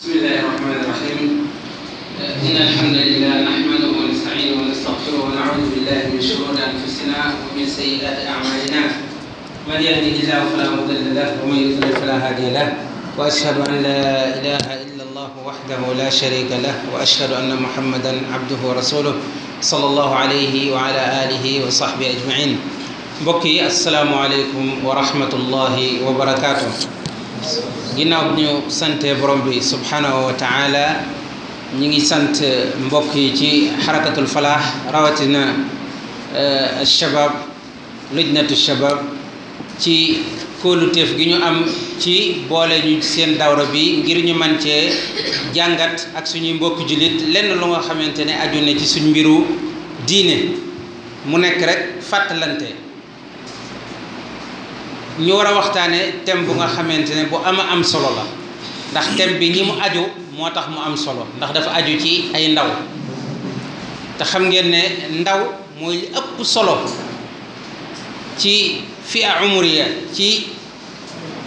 بسم الله الرحمن الرحيم إن الحمد لله نحمده ونستعينه ونستغفره ونعوذ بالله من شرور أنفسنا ومن سيئات أعمالنا من يهده الله فلا مضل له ومن يضلل فلا هادي له وأشهد أن لا إله إلا الله وحده لا شريك له وأشهد أن محمدا عبده ورسوله صلى الله عليه وعلى آله وصحبه أجمعين بكي السلام عليكم ورحمة الله وبركاته ginnaaw bi ñu sante borom bi subhanahu wa taala ñi ngi sant mbokk yi ci xarakatul falaax rawatina eh, shabab lujnatu shabab ci kóoluteef gi ñu am ci boole ñu seen dawra bi ngir ñu man cee jàngat ak suñuy mbokk jullit lenn lu nga xamante ni aju ne ci suñ mbiru diine mu nekk rek fàttalante ñu war a waxtaane thème bu nga xamante ne bu ama am solo la ndax thème bi ñi mu aju moo tax mu am solo ndax dafa aju ci ay ndaw te xam ngeen ne ndaw mooy li ëpp solo ci fi a umriya ci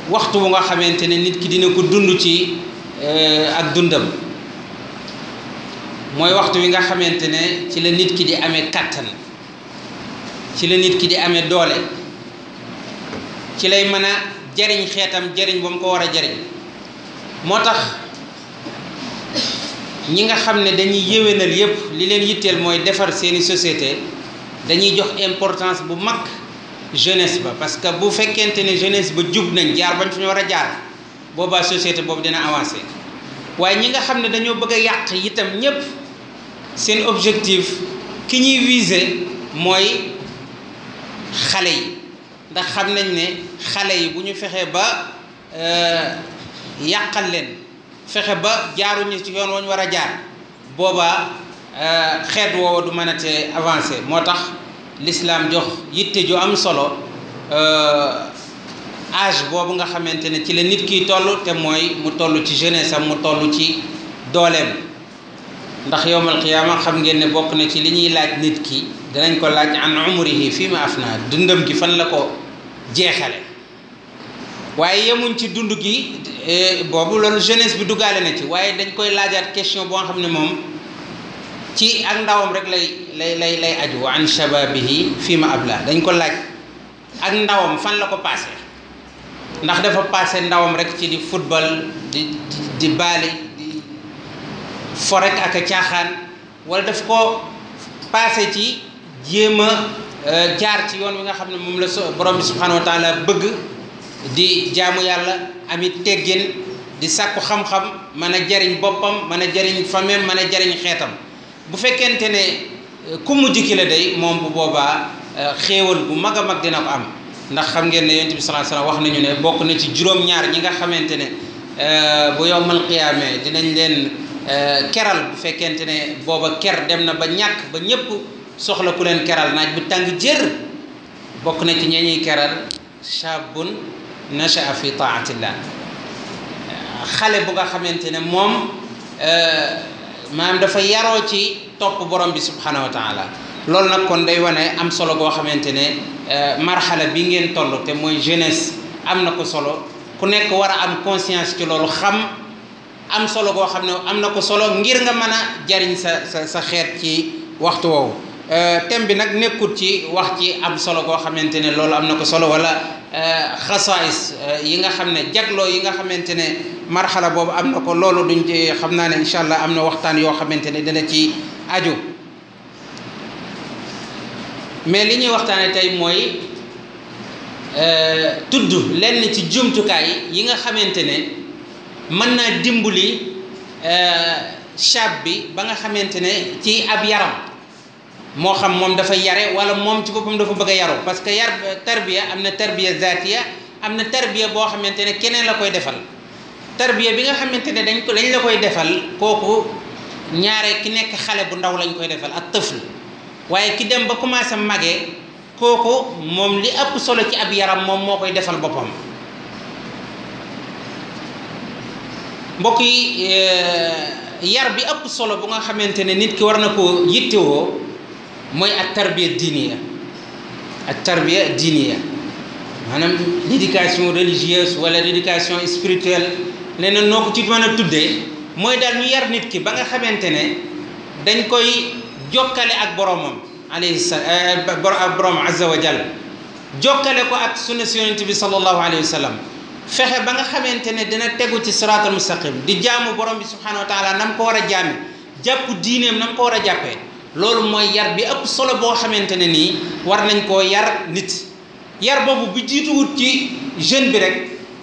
waxtu bu nga xamante ne nit ki dina ko dund ci eh, ak dundam mooy waxtu wi nga xamante ne ci la nit ki di amee kàttan ci la nit ki di amee doole ci lay mën a jariñ xeetam jariñ ba mu ko war a jariñ moo tax ñi nga xam ne dañuy yéwénal yépp li leen yitteel mooy defar seeni société dañuy jox importance bu mag jeunesse ba parce que bu fekkente ne jeunesse ba jub nañ jaar bañ fi ñu war a jaar boobaa société boobu dina avancé waaye ñi nga xam ne dañoo bëgg a yàq itam ñépp seen objectif ki ñuy viser mooy xale yi ndax xam nañ ne xale yi bu ñu fexee ba euh, yàqal leen fexe ba jaaruñu ci yoon wañu war a jaar boobaa euh, xeet woowa du mën a te avancer moo tax l'islam jox yitte ju am solo age euh, boobu nga xamante ne ci la nit kiy toll te mooy mu toll ci jeunesse am mu toll ci dooleem ndax yowmal qiyaama xam ngeen ne bokk na ci li ñuy laaj nit ki danañ ko laaj an umrihi fii ma afna dundam gi fan la ko jeexale waaye yemuñ ci dund gi eh, boobu loolu jeunesse bi duggaale na ci waaye dañ koy laajaat question boo xam ne moom ci ak ndawam rek lay lay lay lay aju wa an shababihi fii ma abla dañ ko laaj ak ndawam fan la ko paase ndax dafa paase ndawam rek ci di football di di baali di forek ak a caaxaan wala daf ko paase ci jéema Euh, jaar ci yoon wi nga xam ne moom la so borom bi subhanahu wa bëgg di jaamu yàlla amit teggin di sàkku xam-xam mën a jariñ boppam mën a jariñ famem mën a jariñ xeetam bu fekkente ne euh, ku mujj ki la day moom bu boobaa euh, xéewal bu mag a mag dina ko am ndax xam ngeen ne yonent bi wax nañu ne bokk na ci juróom ñi nga xamante ne bu yowmal qiyaame dinañ leen keral bu fekkente ne booba ker dem na ba ñàkk ba ñëpp soxla ku leen keral naaj bu tàng jër bokk na ci ñee ñuy keral shabun nashaa fi taatillah xale bu nga xamante ne moom euh, maanaam dafa yaroo ci topp borom bi subhanahu wa taala loolu nag kon day wane am solo goo xamante ne euh, marxala bi ngeen toll te mooy jeunesse am na ko solo ku nekk war a am conscience ci loolu xam am solo goo xam ne am na ko solo ngir nga mën a jariñ sa sa sa xeet ci waxtu woowu Euh, thème bi nag nekkut ci wax ci am solo koo xamante ne loolu am na ko solo wala euh, xasaais euh, yi nga xam ne jagloo yi nga xamante ne marxala boobu am na ko loolu duñ ci xam naa ne incha allah am na waxtaan yoo xamante ne dina ci aju mais li ñuy waxtaane tey mooy tudd lenn ci jumtukaay yi nga xamante ne mën naa dimbali chab bi ba nga xamante ne ci ab yaram moo xam moom dafa yare wala moom ci boppam dafa bëgg a yaru parce que yar tarbiya am na tarbiya zaatiya am na tarbiya boo xamante ne keneen la koy defal tarbiya bi nga xamante ne dañ ko dañ la koy defal kooku ñaare ki nekk xale bu ndaw lañ koy defal ak tëfl waaye ki dem ba commencé mage kooku moom li ëpp solo ci ab yaram moom moo koy defal boppam mbokk yi euh, yar bi ëpp solo bu nga xamante ne nit ki war na ko yittewoo mooy ak tarbiya diiniya ak tarbiya diiniya maanaam l'éducation religieuse wala l'éducation spirituelle leneen noo ko ci mën a tuddee mooy daal ñu yar nit ki ba nga xamante ne dañ koy jokkale ak boromam alayhi salaam eh, eh, borom azza wa jal jokkale ko ak sunna si yonent bi sallallahu alayhi wa sallam fexe ba nga xamante ne dina tegu ci siraatal mustaqim di jaamu borom bi subhanahu wa taala nam ko war a jaame jàpp diineem nam ko war a jàppee loolu mooy yar bi ëpp solo boo xamante ne nii war nañ koo yar nit yar boobu bu jiituwut ci jeune bi rek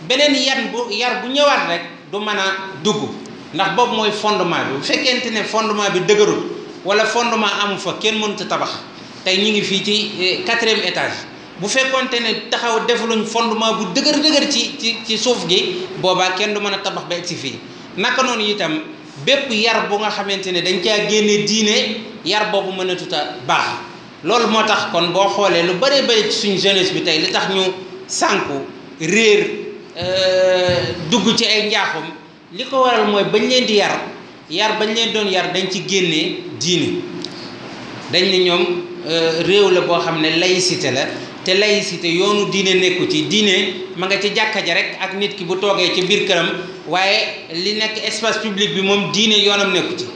beneen yar bu yar bu ñëwaat rek du mën a dugg ndax boobu mooy fondement bi bu fekkente ne fondement bi dëgërul wala fondement amu fa kenn mënut a tabax tey ñu ngi fii ci eh, quatrième étage bu fekkonte ne taxaw defaluñ fondement bu dëgër dëgër ci ci ci suuf gi boobaa kenn du mën a tabax ba si fii naka noonu itam bépp yar bu nga xamante ne dañ caa génne diine yar boobu mënatut a baax loolu moo tax kon boo xoolee lu bëree bëri ci suñu jeunesse bi tey li tax ñu sànku réer euh, dugg ci ay njaaxum li ko waral mooy bañ leen di yar yar bañ leen doon yar dañ ci génne diine dañ ne ñoom euh, réew la boo xam ne laïcité la te laïcité yoonu diine nekku ci diine ma nga ci jàkka ja rek ak nit ki bu toogee ci biir këram waaye li nekk espace public bi moom diine yoonam nekku ci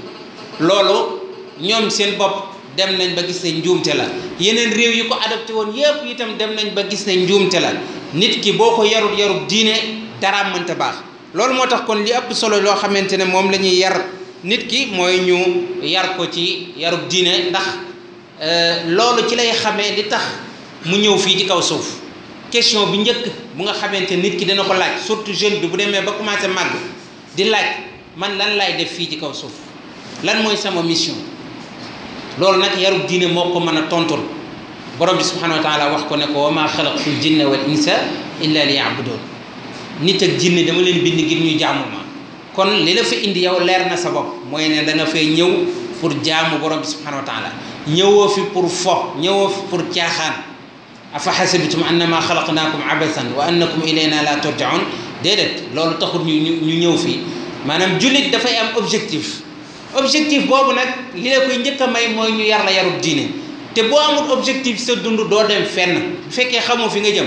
loolu ñoom seen bopp dem nañ ba gis ne njuumte la yeneen réew yi ko adopté woon yépp itam dem nañ ba gis ne njuumte la nit ki boo ko yarul yarul diine dara mënta baax loolu moo tax kon li ëpp solo loo xamante ne moom la ñuy yar nit ki mooy ñëw yar ko ci yarub diine ndax euh, loolu ci lay xame li tax mu ñëw fii ci kaw suuf question bi njëkk bu nga xamante nit ki dana ko laaj surtout jeune bi bu demee ba commencé màgg di laaj man lan laay def fii ci kaw suuf lan mooy sama mission loolu nag yarub diine moo ko mën a tontul borom bi subhanahu wa taala wax ko ne ko wa maa xalaqtul jinna wal insa illa li yaabudoon nit ak jinne dama leen bind ngir ñu jaamu ma kon li la fa indi yow leer na sa bopp mooy ne da nga fay ñëw pour jaamu borom bi subhanahu wa taala ñëwoo fi pour fo ñëwoo fi pour caaxaan afa xasibtum annama xalaqnaakum abasan wa annakum ilayna la turjaun déedéet loolu taxul ñu ñu ñëw fii maanaam jullit dafay am objectif objectif boobu nag li la koy njëkk a may mooy ñu yar la yarub diine te boo amul objectif sa dund doo dem fenn bu fekkee xamoo fi nga jëm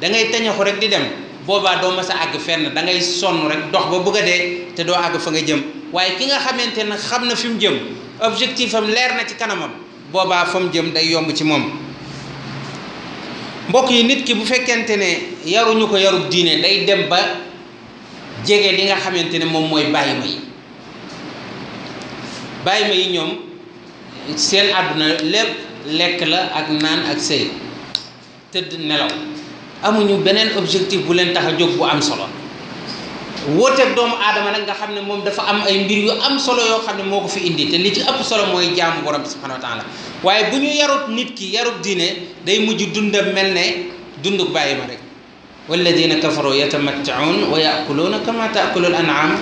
dangay ngay tañaxu rek di dem boobaa doo mës a àgg fenn da ngay sonn rek dox ba bëgg a dee te doo àgg fa nga jëm waaye ki nga xamante ne xam na fi mu jëm objectif am leer na ci kanamam boobaa fa mu jëm day yomb ci moom mbokk yi nit ki bu fekkente ne yaruñu ko yarub diine day dem ba jege li nga xamante ne moom mooy bàyyi ma yi bàyyi ma yi ñoom seen àdduna lépp lekk la ak naan ak sëy tëdd nelaw amuñu beneen objectif bu leen tax a jóg bu am solo wooteeg doomu aadama nag nga xam ne moom dafa am ay mbir yu am solo yoo xam ne moo ko fi indi te li ci ëpp solo mooy jaamu borom bi subhanahu waaye bu ñu yarut nit ki yarut diine day mujj dundam mel ne dund bàyyi ma rek walladina kafaru yatamattaun wa yaakuluuna kama taakulul anam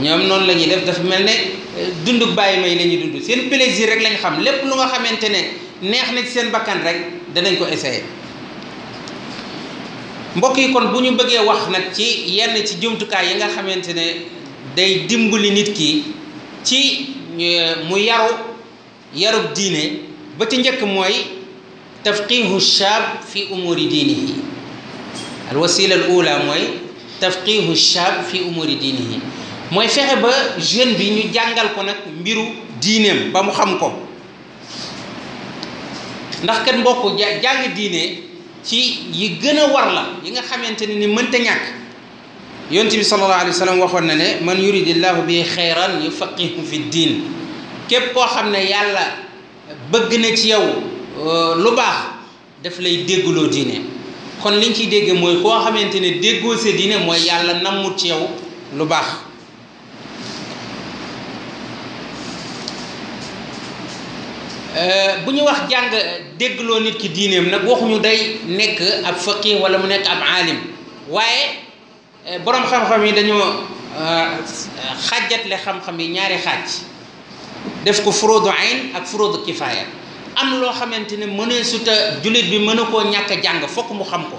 ñoom noonu la ñuy def dafa mel ne euh, dunduk bàyyi may lañuy ñuy dund seen plaisir rek lañu xam lépp lu nga xamante ne neex na ci seen bakkan rek danañ ko essayer mbokk yi kon bu ñu bëggee wax nag ci yenn ci jumtukaay yi nga xamante ne day dimbali nit ki ci euh, mu yaru yarub diine ba ci njëkk mooy tafqihu shaab fi umuri diinihi al wasila al ula mooy tafqihu shaab fi umuri diinihi mooy fexe ba jeune bi ñu jàngal ko nag mbiru diineem ba mu xam ko ndax kat mbokk jàng diine ci yi gën a war la yi nga xamante ne ni mënta ñàkk yonent bi sallallahu alayhi wa sallam waxoon na ne man yuridillahu bi xayran yufaqihu fi diin képp koo xam ne yàlla bëgg na ci yow euh, lu baax daf lay déggloo diine kon liñ ci dégg mooy koo xamante ne déggoo sa diine mooy yàlla nammut ci yow lu baax Euh, bu ñu wax jàng déggloo nit ki diineem nag waxuñu day nekk ab faqih wala mu nekk ab aalim waaye euh, borom xam-xam yi dañoo euh, xàjjatle xam-xam yi ñaari xaaj def ko furuudu ayn ak furuudu kifaaya am loo xamante ne mënee suta jullit bi mën a koo ñàkk jàng fokk mu xam ko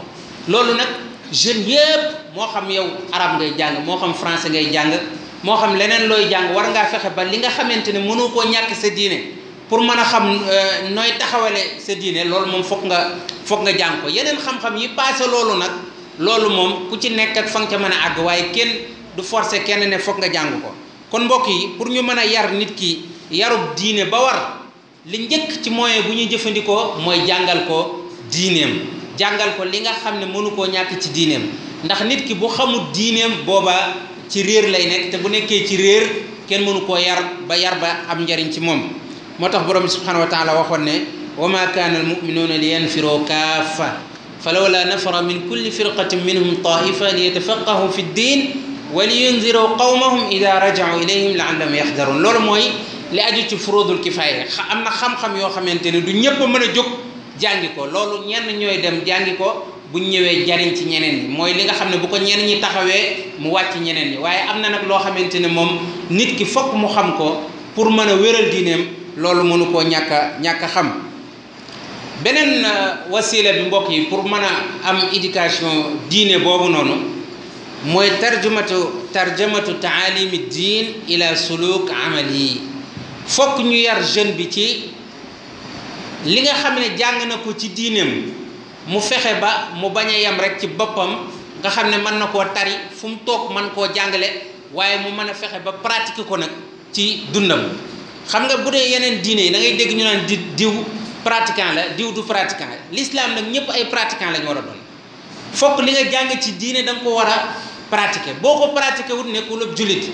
loolu nag jeunes yëpp moo xam yow arab ngay jàng moo xam français ngay jàng moo xam leneen looy jàng war ngaa fexe ba li nga xamante ne mënoo koo ñàkk sa diine pour mën a xam euh, nooy taxawale sa diine loolu moom foog nga foog nga jàng ko yeneen xam-xam yi passé loolu nag loolu moom ku ci nekk ak fa nga ca mën a àgg waaye kenn du forcer kenn ne foog nga jàng ko kon mbokk yi pour ñu mën a yar nit ki yarub diine ba war li njëkk ci moyen bu ñuy jëfandikoo mooy jàngal ko diineem jàngal ko li nga xam ne mënu koo ñàkk ci diineem ndax nit ki bu xamul diineem booba ci réer lay nekk te bu nekkee ci réer kenn mënu koo yar ba yar am njariñ ci moom moo tax borom bi subhanahu wa taala waxoon ne wa ma kaana almuminuuna li yanfiroo kaafa fa lawla nafara min kulli firqatin minhum taifa li yatafaqahu fi ddin wa li yundiroo qawmahum ida rajau ilayhim laallahum yaxdaruun loolu mooy li aju ci furuudul kifaaya am na xam yoo xamante ne du ñëpp mën a jóg jàngi ko loolu ñenn ñooy dem jàngi ko bu ñëwee jariñ ci ñeneen yi mooy li nga xam ne bu ko ñenn ñi taxawee mu wàcc ñeneen yi waaye am na nag loo xamante ne moom nit ki fokk mu xam ko pour mën a wéral diineem loolu mënu koo ñàkk ñàkk a xam beneen euh, wasila bi mbokk yi pour mën a am éducation diine boobu noonu mooy tarjumatu tarjamatu taalimi diin ila suluk amal yi fokk ñu yar jeune bi ci li nga xam ne jàng na ko ci diineem mu fexe ba mu bañ a yem rek ci boppam nga xam ne mën na koo tari fu mu toog mën koo jàngale waaye mu mën a fexe ba pratique ko nag ci dundam xam nga bu dee yeneen diine yi da ngay dégg ñu naan di diw pratiquant la diw du pratiquant l'islam nag ñëpp ay pratiquant lañu war a doon fokk li nga jàng ci diine da nga ko war a pratiquer boo ko pratiquer wut nekkul ak jullit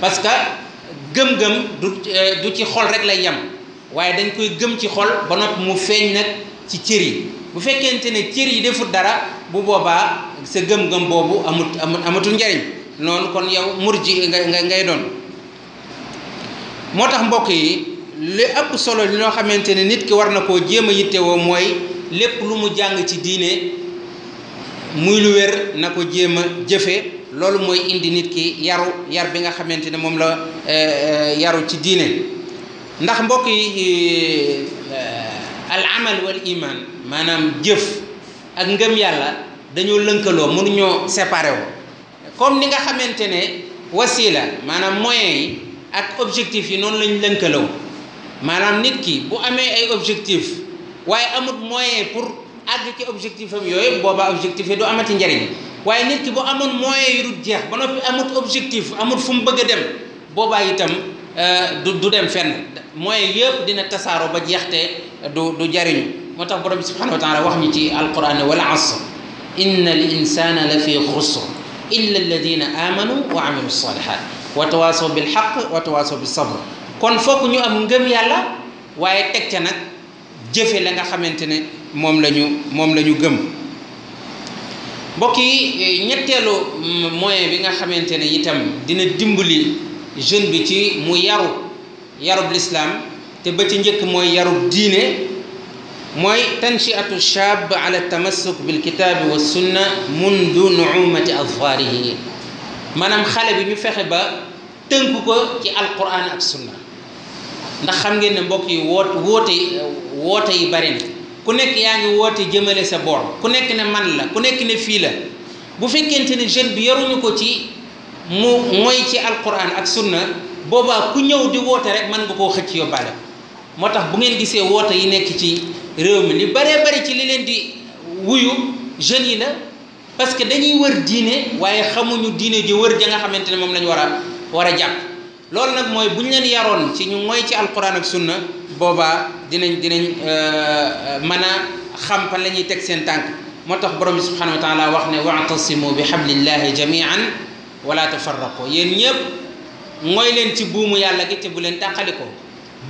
parce que gëm-gëm du euh, du ci xol rek lay yem waaye dañ koy gëm ci xol ba noppi mu feeñ nag ci cër yi bu fekkente ne cër yi defut dara bu boobaa sa gëm-gëm boobu amut amut amatul njariñ noonu kon yow murji nga ngay doon moo tax mbokk yi li ëpp solo li loo xamante ne nit ki war na koo jéem a yittewoo mooy lépp lu mu jàng ci diine muy lu wér na ko jéem a jëfe loolu mooy indi nit ki yaru yar bi nga xamante ne moom la eh, eh, yaru ci diine ndax mbokk yi eh, al amal iman maanaam jëf ak ngëm yàlla dañoo lënkaloo mënuñoo séparé woo comme ni nga xamante ne wasila maanaam moyen yi ak objectif yi noonu lañ lënkalaw maanaam nit ki bu amee ay objectif waaye amut moyen pour àgg ci objectif am yooyu booba objectif yi du amati njariñ waaye nit ki bu amoon moyen yu dul jeex ba noppi amut objectif amut fu mu bëgg a dem boobaa itam euh, du du dem fenn moyen yëpp dina tasaaroo ba jeexte du du jariñu moo tax borom bi subhanahu wa taala wax ñu ci alquran ne wal asr inna al insana la fi xusr illa alladina amanu wa amilu salihat watawaasaw bi xaq watawaasaw bi sabr kon fokk ñu am ngëm yàlla waaye teg ca nag jëfe la nga xamante ne moom lañu moom la ñu gëm mbokk yi ñetteelu moyen bi nga xamante ne itam dina dimbali jeune bi ci mu yaru yarub lislaam te ba ci njëkk mooy yaru diine mooy tanchiatu shaab ala tamassuk bil kitaabi wa sunna mundu nuumati azfaarihi maanaam xale bi ñu fexe ba tënk ko ci alquran ak sunna ndax xam ngeen ne mbokk yi woot woote woote yi bari na ku nekk yaa ngi woote jëmale sa bool ku nekk ne man la ku nekk ne fii la bu fekkente ne jeune bi yaruñu ko ci mu mooy ci alquran ak sunna boobaa ku ñëw di woote rek man nga koo xëcc yóbbaale moo tax bu ngeen gisee woote yi nekk ci réew mi ni baree bari ci li leen di wuyu jeunes yi la parce que dañuy wër diine waaye xamuñu diine ji wër ja nga xamante ne moom lañu war a war a jàpp loolu nag mooy bu ñu leen yaroon ci ñu mooy ci alquran ak sunna boobaa dinañ dinañ euh, mën a xam fan la ñuy teg seen tànk moo tax borom bi subhanahu wax ne wa'tasimu bi hablillahi jamian wala tafarraqu yéen ñëpp mooy leen ci buumu yàlla gi te bu leen tàqaliko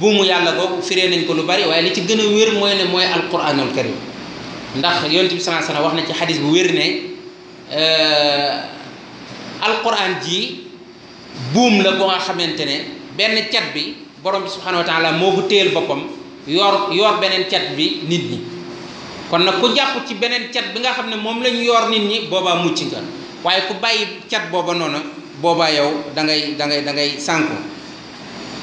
buumu yàlla googu firee nañ ko lu bari waaye li ci gën a wér mooy ne mooy alquranul karim ndax yonent bi sallallahu alayhi wasallam wax na ci xadis bu wér ne Euh, alquran ji buum la boo nga xamante ne benn cat bi borom bi subhanahu wa taala moo ko téyel boppam yor yor beneen cat bi nit ñi kon nag ku jàpp ci beneen cat bi nga xam ne moom lañu yor nit ñi boobaa mucc nga waaye ku bàyyi cat booba noonu boobaa yow dangay dangay da ngay da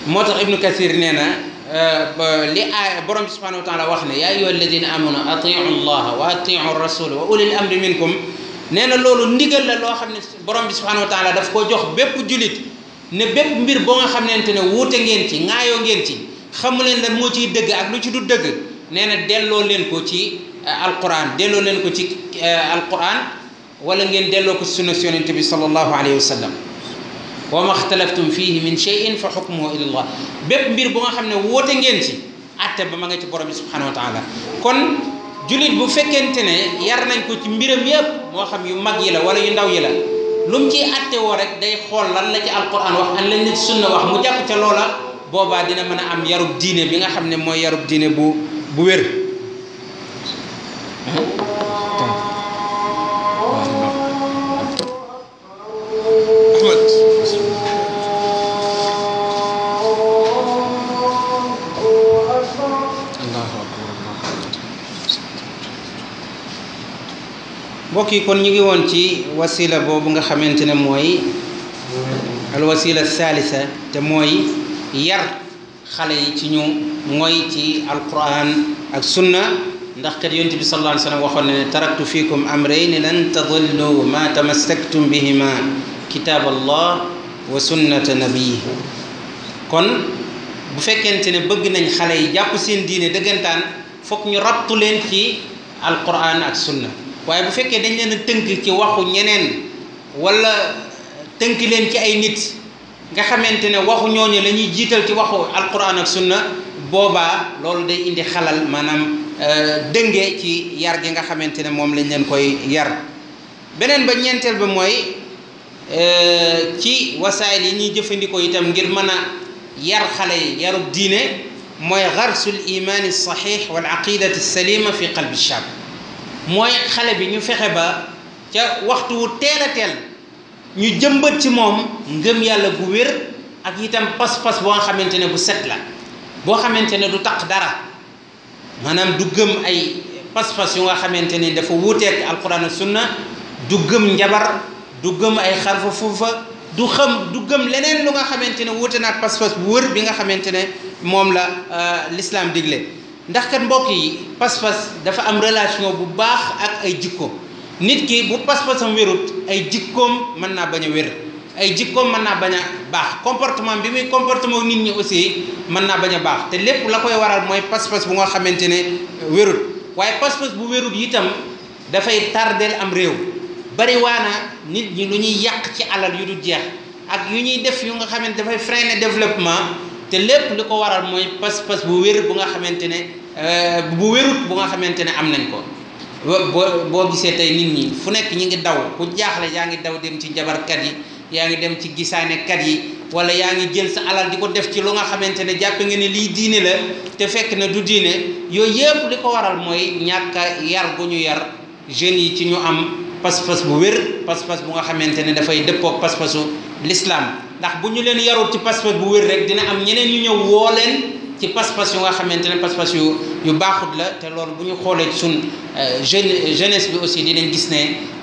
moo tax ibnu kasir nee na euh, li aaya borom bi subhanahu wa wax ne yaa ayyuha alladina amanu atiu llaha wa atiu rasula wa ulil amri minkum nee na loolu ndigal la loo xam ne borom bi subhanahu wa taala daf koo jox bépp julit ne bépp mbir boo nga xamante ne wuute ngeen ci ŋaayoo ngeen ci xamu leen lan moo ciy dëgg ak lu ci du dëgg nee na delloo leen ko ci euh, alquran delloo leen ko ci euh, alquran wala ngeen delloo ko sunna si yonente bi sallallahu alayhi wa sallam wa ma xtalaftum fihi min cheyin fa xukmuhu ila allah bépp mbir bu nga xam ne wuute ngeen ci atte ba ma nga ci borom bi subhanahu wa taala kon jullit bu fekkente ne yar nañ ko ci mbiram yépp moo xam yu mag yi la wala yu ndaw yi la lu mu ciy atte woo rek day xool lan la ci alquran wax an lañ la ci sunna wax mu jàpp ca loola boobaa dina mën a am yarub diine bi nga xam ne mooy yarub diine bu bu wér mbokk kon ñu ngi woon ci wasila boobu nga xamante ne mooy al wasila salisa te mooy yar xale yi ci ñu mooy ci alquran ak sunna ndax kat yonent bi sallallahu alayhi wa sallam waxoon ne taraktu fiikum amrayni lan tadillu ma tamassaktum bihima kitab allah wa sunnata nabii kon bu fekkente ne bëgg nañ xale yi jàpp seen diine dëggantaan fokk ñu rattu leen ci alquran ak sunna waaye bu fekkee dañ leen tënk ci waxu ñeneen wala tënk leen ci ay nit nga xamante ne waxu ñooñu la ñuy jiital ci waxu alquran ak sunna boobaa loolu day indi xalal maanaam euh, dënge ci yar gi nga xamante ne moom lañ leen koy yar beneen ba ñeenteel ba mooy euh, ci wasaayil yi ñuy jëfandikoo itam ngir mën a yar xale yi yarub diine mooy garsul imaani saxiix wal aqidati salima fi qalbi shab mooy xale bi ñu fexe ba ca waxtu wu teel teel ñu jëmbat ci moom ngëm yàlla gu wér ak itam pas-pas boo xamante ne bu set la boo xamante ne du takk dara maanaam du gëm ay pas-pas yu nga xamante ne dafa wuuteek alquran ak sunna du gëm njabar du gëm ay xarfa fuufa du xam du gëm leneen lu nga xamante ne wuute naak pas-pas bu wër bi nga xamante ne moom la euh, l'islam digle ndax kat mbokk yi pas-pas dafa am relation bu baax ak ay jikko nit ki bu pas-pasam wérut ay jikkoom mën naa bañ a wér ay jikkoom mën naa bañ a baax comportement bi muy comportement nit ñi aussi mën naa bañ a baax te lépp la koy waral mooy pas-pas bu nga xamante ne euh, wérut waaye pas-pas bu wérut itam dafay tardeel am réew bari waana nit ñi lu ñuy yàq ci alal yu du jeex ak yu ñuy def yu nga xamante dafay freiner développement te lépp li ko waral mooy pas-pas bu wér bu nga xamante ne euh, bu wérut bu nga xamante ne am nañ ko bo boo gisee tey nit ñi fu nekk ñi ngi daw ku jaaxle yaa ngi daw dem ci jabarkat yi yaa ngi dem ci gisaanekat yi wala yaa ngi jël sa alal di ko def ci lu nga xamante ne jàpp nga ni lii diine la te fekk na du diine yooyu yëpp li ko waral mooy ñàkk yar gu ñu yar jeunes yi ci ñu am pas-pas bu wér pas-pas bu nga xamante ne dafay dëppook pas-pasu l'islam ndax bu ñu leen yarul ci pas bu wér rek dina am ñeneen yu ñëw woo leen ci pas yu nga xamante ne pas-pas yu yu baaxut la te lool bu ñu xoolee sun euh, jeune bi aussi dinañ gis ne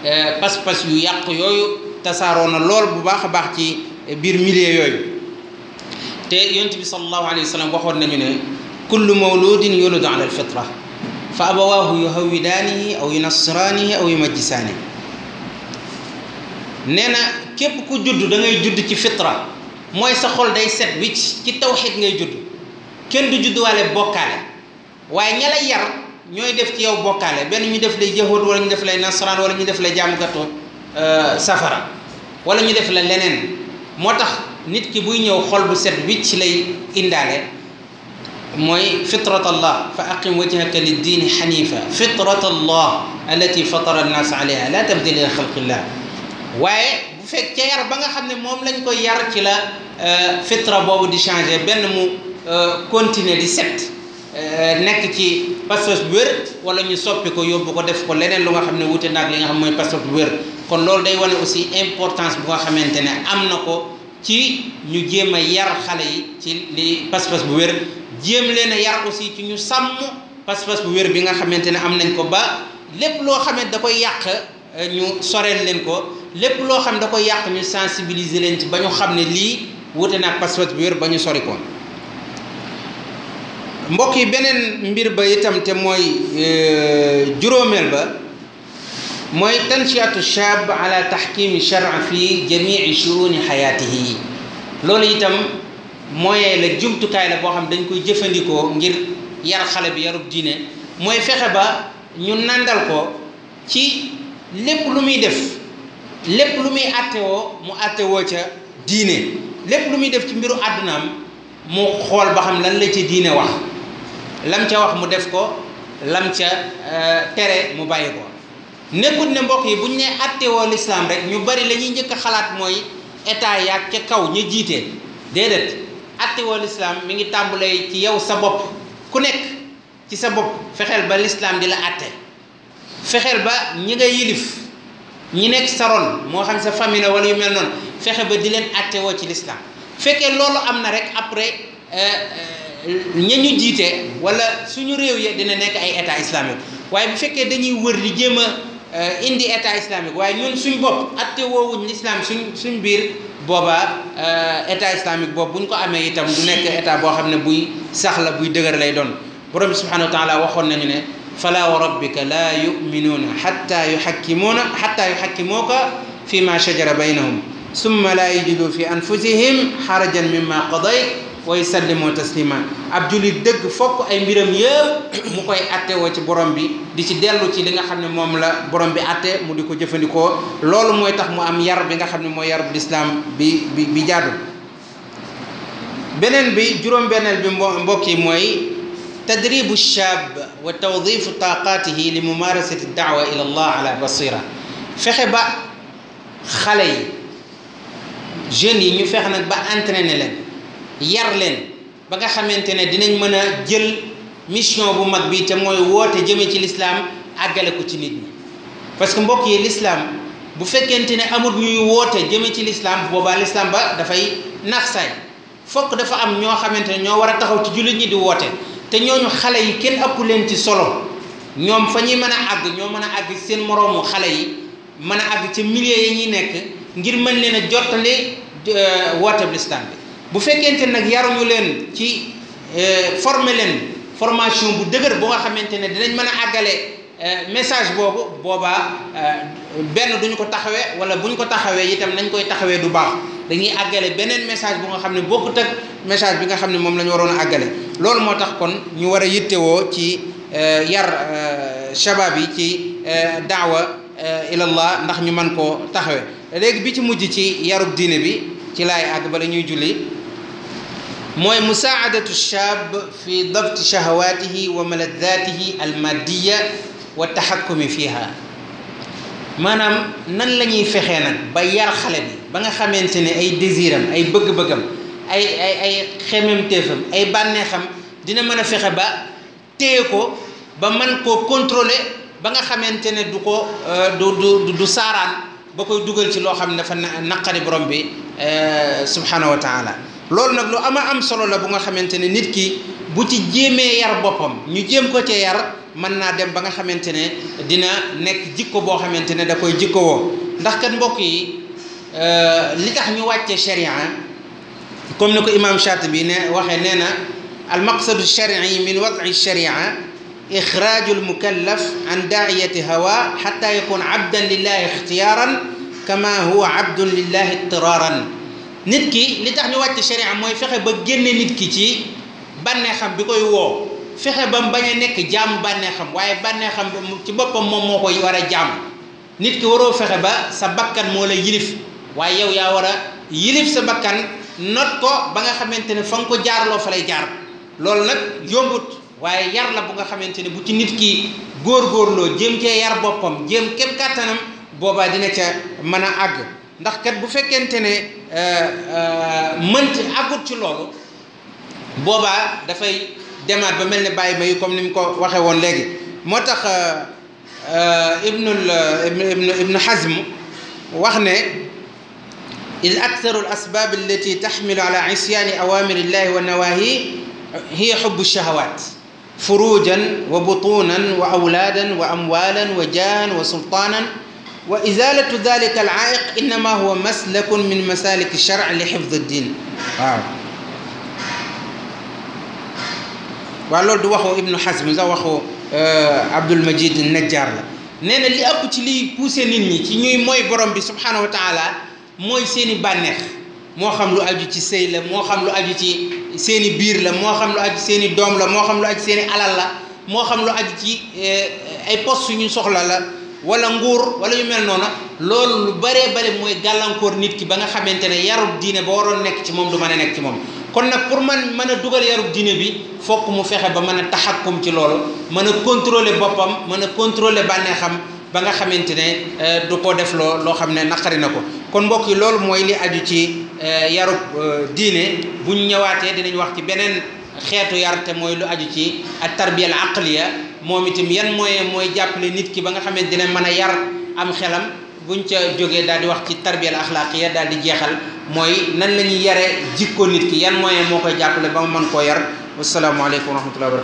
euh, pas-pas yu yàq yooyu tasaaroo na lool bu baax a baax ci biir milieu yooyu te yonent bi sallallahu alayhi wa sallam waxoon nañu ne kullu mawludin yuladu ala alfitra fa abawaahu yuhawidaanihi aw yunassiraanihi aw yumajjisaanihi nee na képp ku juddu dangay juddu judd ci fitra mooy sa xol day set wicc ci tawxid ngay judd kenn du judduwaale bokkaale waaye ña lay yar ñooy def ci yow bokkaale benn ñu def lay yahud wala ñu def lay nasaraan wala ñu def lay jaamukatu euh, safara wala ñu def la leneen moo tax nit ki buy ñëw xol bu set wicc lay indaale mooy fitrat allah fa aqim wajhaka liddiini xanifa fitrat allah allati fatara annaas alayha la tabdila li xalqillah waaye bu fekkee yar ba nga xam ne moom lañ koy yar ci la euh, fitra boobu di changer benn mu euh, continuer di set euh, nekk ci pastos bu wér wala ñu soppi ko yóbbu ko def ko leneen lu nga xam ne wute naag li nga xam mooy pastos bu wér kon loolu day wane aussi importance bu nga xamante ne am na ko ci ñu jéem a yar xale yi ci li pas bu wér jéem leen a yar aussi ci ñu sàmm pas-pas bu wér bi nga xamante ne am nañ ko ba lépp loo xamante da koy yàq ñu soreet leen ko lépp loo xam da koy yàq ñu sensibiliser leen ci ba ñu xam ne lii wute naa passeport bi wér ba ñu sori ko mbokk yi beneen mbir ba itam te mooy euh, juróomeel ba mooy tansiatu shab ala taxkimi shara fi jamii shuuni yi loolu itam mooyee la jumtukaay la boo xam dañ koy jëfandikoo ngir yar xale bi yarub diine mooy fexe ba ñu nandal ko ci lépp lu muy def lépp lu muy àttewoo mu àttewoo ca diine lépp lu muy def ci mbiru àddunaam mu xool ba xam lan la ci diine wax lam ca wax mu def ko lam ca euh, tere mu bàyyi ko nekkut ne mbokk yi bu ñu nee àttewoo lislaam rek ñu bari la ñuy njëkk a xalaat mooy état yaag ca kaw ñu jiite déedéet àttewoo lislaam mi ngi tàmbulee ci yow sa bopp ku nekk ci sa bopp fexeel ba lislaam di la àtte fexeel ba ñi nga yilif ñi nekk saroon moo xam sa famille la wala yu mel noonu fexe ba di leen woo ci l'islam fekkee loolu am na rek après euh, euh, ña ñu jiite wala suñu réew ya dina nekk ay état islamique waaye bu fekkee dañuy wër di jéem a euh, indi état waaye ñun suñ bopp atte woowuñ l'islam suñ suñ biir booba état islamique boobu bu ñu ko amee itam du nekk état boo xam ne buy sax la buy dëgër lay doon borom bi waxoon nañu ne fala wa rabbika laa yuminuuna xatta yuxakkimuuna xatta yuxakkimuuka fi ma shajara baynahum summa laa yajidu fi anfusihim xarajan mimma qadayt wa yusallimu taslima ab juli dëgg fokk ay mbiram yëpp mu koy attewoo ci borom bi di ci dellu ci li nga xam ne moom la borom bi atte mu di ko jëfandikoo loolu mooy tax mu am yar bi nga xam ne mooy yar bu lislaam bi bi bi jaadu beneen bi juróom-benneel bi mbo yi mooy wa تدريب الشاب وتوظيف طاقاته لممارسة الدعوة إلى الله على بصيرة fexe ba xale yi jeunes yi ñu fexe nag ba entraîner leen yar leen ba nga xamante ne dinañ mën a jël mission bu mag bi ca mooy woote jëme ci lislaam àggale ko ci nit ñi parce que mbokk yi lislaam bu fekkente ne amul ñuy woote jëmee ci lislaam boobaa lislaam ba dafay nax saay fokk dafa am ñoo xamante ne ñoo war a taxaw ci jullit ñi di woote te ñooñu xale yi kenn ëpp leen ci solo ñoom fa ñuy mën a àgg ñoo mën a àgg seen moroomu xale yi mën a àgg ca milieu yi ñuy nekk ngir mën leen a jottali euh, wootab lislaam bi bu fekkente nag yaramu leen ci euh, former leen formation bu dëgër bu nga xamante ne dinañ mën a àggale euh, message boobu boobaa benn duñu ko taxawee wala buñu ko taxawee itam nañ koy taxawee du baax dañuy àggale beneen message bu nga xam ne bokkut ak message bi nga xam ne moom la ñu waroon a àggale loolu moo tax kon ñu war a yittewoo ci euh, yar euh, shabab yi ci euh, daawa ilallah ndax ñu man koo taxawe léegi bi ci mujj ci yar diine bi ci laay àgg bala ñuy julli mooy musaadatu shab fi dabti shahawatihi wa maladatihi almaddiya wa taxakkumi fiha maanaam nan la ñuy fexee nag ba yar xale bi ba nga xamante ne ay désiram ay bëgg-bëggam ay ay ay xememteefam ay bànneexam dina mën a fexe ba téye ko ba man koo contrôler ba nga xamante ne du ko euh, du du du saaraan ba koy dugal ci loo xam ne dafa naqari borom bi euh, subhanahu wa taala loolu nag lu ama am solo la bu nga xamante ne nit ki bu ci jéemee yar boppam ñu jéem ko ci yar mën naa dem ba nga xamante ne dina nekk jikko boo xamante ne da koy jikko woo ndax kan mbokk yi euh, li tax ñu wàcce sharia comme ni ko imam Shatibi ne waxee nee na al maqsadu shar'i min wad'i sharia ixraaju almukallaf an daayati hawa xata yakun abdan lillahi ixtiyaaran kama huwa abdun lillahi itiraaran nit li tax ñu wàcce sharia mooy fexe ba génne nit ci bànneexam bi koy woo fexe ba mu bañ a nekk jàmm bànneexam waaye bànneexam ci boppam moom moo koy war a jaamu nit ki waroo fexe ba sa bakkan moo la yilif waaye yow yaa war a yilif sa bakkan not ko ba nga xamante ne fa nga ko jaarloo fa lay jaar loolu nag yombut waaye yar la bu nga xamante ne bu ci nit ki góor góorgóorloo jéem cee yar boppam jéem kem kàttanam boobaa dina ca mën a àgg ndax kat bu fekkente ne euh, euh, mënt àggut ci loolu boobaa dafay demaat ba mel ne bàyyi mayu comme ni mu ko waxee woon léegi moo tax euh, euh, ibnul ibnu euh, ibnu Hazm wax ne id aktaru l asbab allati taxmilu ala isyaani awamir illahi wa nawahi hiya xubbu shahawat furujan wa butunan wa awlaadan wa amwalan wa jahan wa sultaanan wa izalatu dalika al aaiq innama huwa maslakun min masalik sharc li xifd ad din waaw waa loolu du waxoo ibnu Hazm sax waxoo euh, Abdul Majid Najjar la nee na li ëpp ci liy poussé nit ñi ci ñuy mooy borom bi subhanahu wa taala mooy seeni bànneex moo xam lu aju ci sëy la moo xam lu aju ci seeni biir la moo xam lu aju seeni doom la moo xam lu aju seeni alal la moo xam lu aju ci euh, ay poste yu ñu soxla la wala nguur wala yu mel noonu loolu lu baree bare mooy gàllankoor nit ki ba nga xamante ne yarul diine ba waroon nekk ci moom du mën a nekk ci moom kon nag pour man mën a dugal yarub diine bi fokk mu fexe ba mën a taxakkum ci loolu mën a contrôler boppam mën a contrôler bànneexam ba nga xamante ne euh, du ko def loo loo xam ne naqari na ko kon mbokk yi loolu mooy li aju ci euh, yarub euh, diine bu ñu ñëwaatee dinañ wax ci beneen xeetu yar te mooy lu aju ci ak tarbiya al aqliya moom itam yan moyen mooy jàppale nit ki ba nga xamante dinañ mën a yar am xelam buñ ca jógee daal di wax ci tarbiyal axlaaqiya daal di jeexal mooy nan la ñuy yare jikko nit ki yan moyen moo koy jàppale ba mu mën koo yar wasalaamaaleykum wa rahmatullahi wa